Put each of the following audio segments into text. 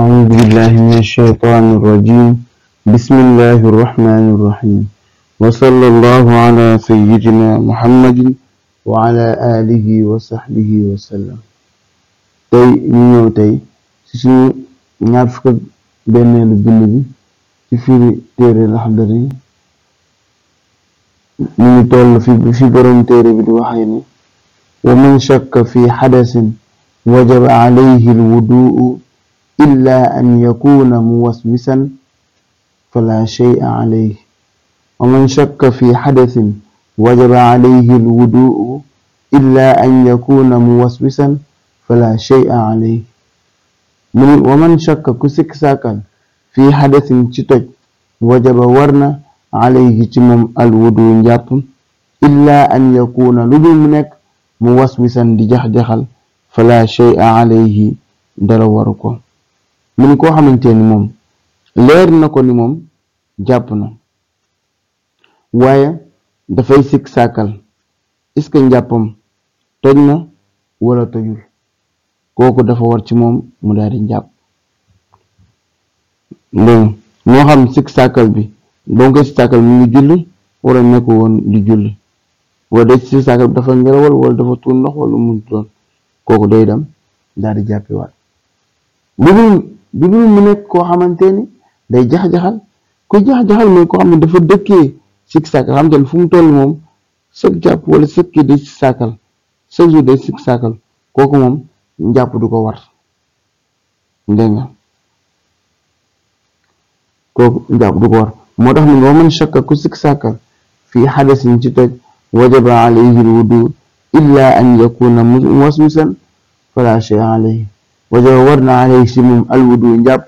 أعوذ بالله من الشيطان الرجيم بسم الله الرحمن الرحيم وصلى الله على سيدنا محمد وعلى آله وصحبه وسلم tey ñu ñëw tey ci suñu ñaar fukk ak benneelu bind bi ci firi téere Laxdari ñu ngi toll fi fi borom téere bi di waxee ni wa man shakka fi hadasin wajaba alayhi alwuduu illa an yakuna muwaswisan fala shay'a alayhi wa man shakka fi hadathin wajaba alayhi alwudu'u illa an yakuna muwaswisan fala shay'a alayhi wa man shakka ku sikk saakal fi hadathin ci toj wajaba warna alayhi ci moom alwudu njàpp illa an yakuna lu dul mu nekk muwaswisan di jax-jaxal fala shay'a alayhi dara waru ko mun koo xamante ni moom leer na ko ni moom jàpp na waaye dafay sikk sàkkal est-ce que njàppam toj na wala tojul kooku dafa war ci moom mu daal di jàpp donc moo xam sikk sàkkal bi ba mu koy sikk sàkkal mu ngi julli wala nekk woon di julli wala day sikk sàkkal bi dafa ngelawal wala dafa tuur ndox wala mu doon kooku day dem daal di jàppiwaat Jibril mu nekk koo xamante ni day jax-jaxal ku jax-jaxal ko koo ne dafa dëkkee sikk sàkkal xam ne fu mu toll moom sëg jàpp wala sëg kii day sikk sàkkal chaque jour day sikk sàkkal kooku moom njàpp du ko war dégg nga kooku njàpp du ko war moo tax mu nga man shakka ku sikk sàkkal fii xadasin ci toj wajaba alayhi alwudu illa an yakuna wasmisan fala shay alayhi wajawarna alayhi si moom alwudu njàpp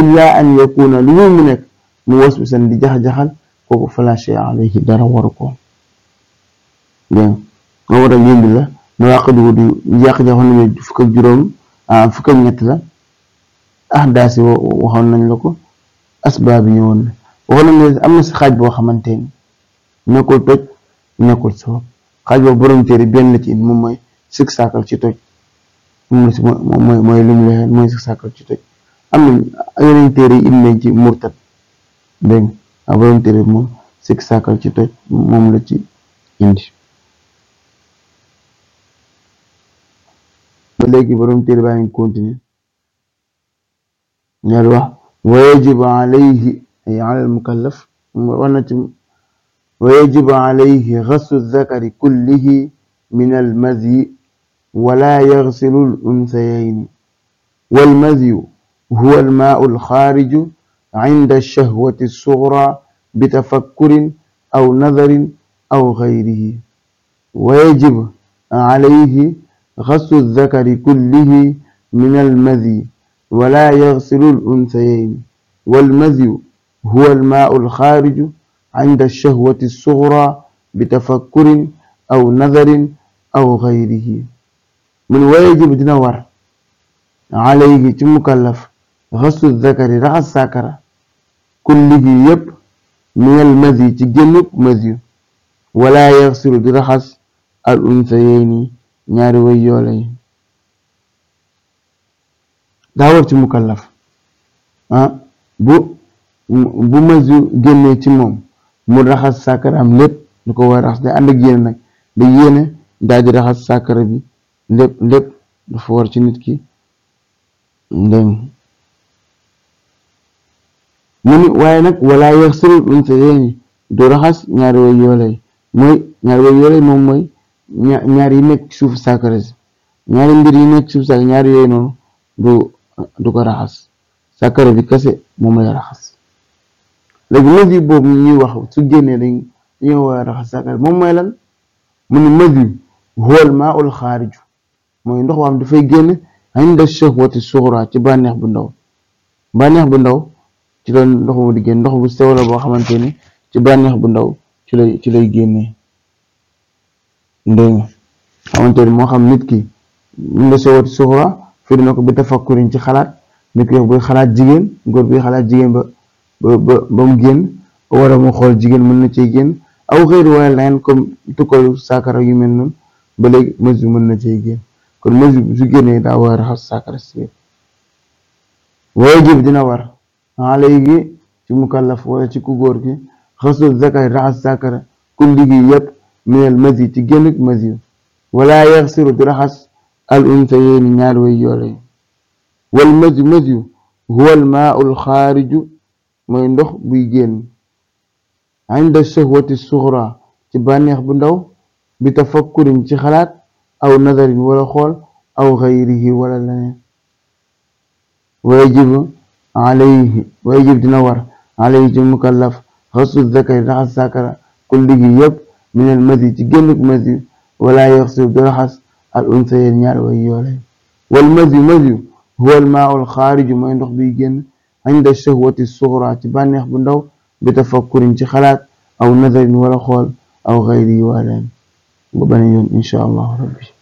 illa an yakuna lu mu nekk mu waswisan di jax-jaxal kooku fala shay alayhi dara waru ko dégg nga war a yëngu la nawaqid wudu yàq-jax fukk juróom fukk ak ah, la ahdaasi waxoon nañ la ko asbaab yi ñëwoon na waxoon nañ am na si xaaj boo xamante ni ko toj nekkul sabab xaaj boo borom téere benn la ci it moom mooy sikk saakal ci toj moom mooy mooy lu mooy sa sàkkal ci toj am na yeneen téere yi indi nañ ci murtat dégg nga ci toj moom la ci indi ba léegi borom téere baa ngi continuer ñaari ay ala almukallaf wax na ci wa yajibu alayhi kullihi min almazyi ولا يغسل الأنثيين والمذي هو الماء الخارج عند الشهوة الصغرى بتفكر أو نذر أو غيره ويجب عليه غسل الذكر كله من المذي ولا يغسل الأنثيين والمذي هو الماء الخارج عند الشهوة الصغرى بتفكر أو نذر أو غيره mun wayajibu dina war alayhi ci mukallaf xasu zakari raxas saakara kullihi yépp minal masi ci génnub masi wala yaxsilu di raxas al unsayayni ñaari way yoola yi daa war ci mukallaf bu bu masi génnee ci moom mu raxas saakaraam lépp lu ko war raxas day ànd ak yéene nag da yéene daa di raxas saakara bi lépp lépp dafa war ci nit ki dañ mu ni waaye nag wala yaxsil min sajayni du raxas ñaari way yoolay mooy ñaari way yoolay moom mooy ñaar yi nekk suuf sakaris ñaari mbir yi nekk suuf sak ñaari yooyu noonu du sakara bi kese moom lay raxas ñuy wax su génnee dañ dañoo war sakara moom lan mu ni madi huwa ul xaariju mooy ndox waam dafay génn añ da shahwati suxra ci bànneex bu ndaw bànneex bu ndaw ci la ndox mu ndox bu sew boo xamante ni ci bànneex bu ndaw ci lay ci lay génnee ndéng moo xam nit ki ñu da shahwati suxra fii dina ko bi tafakkuriñ ci xalaat nit ki xalaat jigéen góor xalaat jigéen ba ba génn wala mu xool jigéen mën na cee génn aw xëyri wala leneen comme tukkalu saakara yu mel noonu ba léegi mesure mën na cee génn kon mesure bi su génnee daa war raxas saakara si waajib dina war alayhi ci mukallaf wala ci ku góor gi xasul zakari raxas saakara kulli gi yëpp minal masi ci génn masi wala yaxsiru di raxas al unsayeeni ñaar way yoole wal masi masi huwa al maa ul xaariju mooy ndox buy génn inda shahwati suxra ci bànneex bu ndaw bi tafakkurin ci xalaat aw nadari wala xool aw xayrihi wala leneen wayajib alayhi wayajib dina war alayhi ci mukallaf xasu zakari raxas sakara kulligi yëpp min al madi ci génnuk madi wala yaxsu du raxas al unsayeen ñaar way yoole wal madi madi huwa al maa al xaariju mooy ndox biy génn inda shahwati suxra ci bànneex bu ndaw bi tafakkurin ci xalaat aw nadarin wala xool aw xayrihi wala leneen ba beneen yoon incha allah rabbi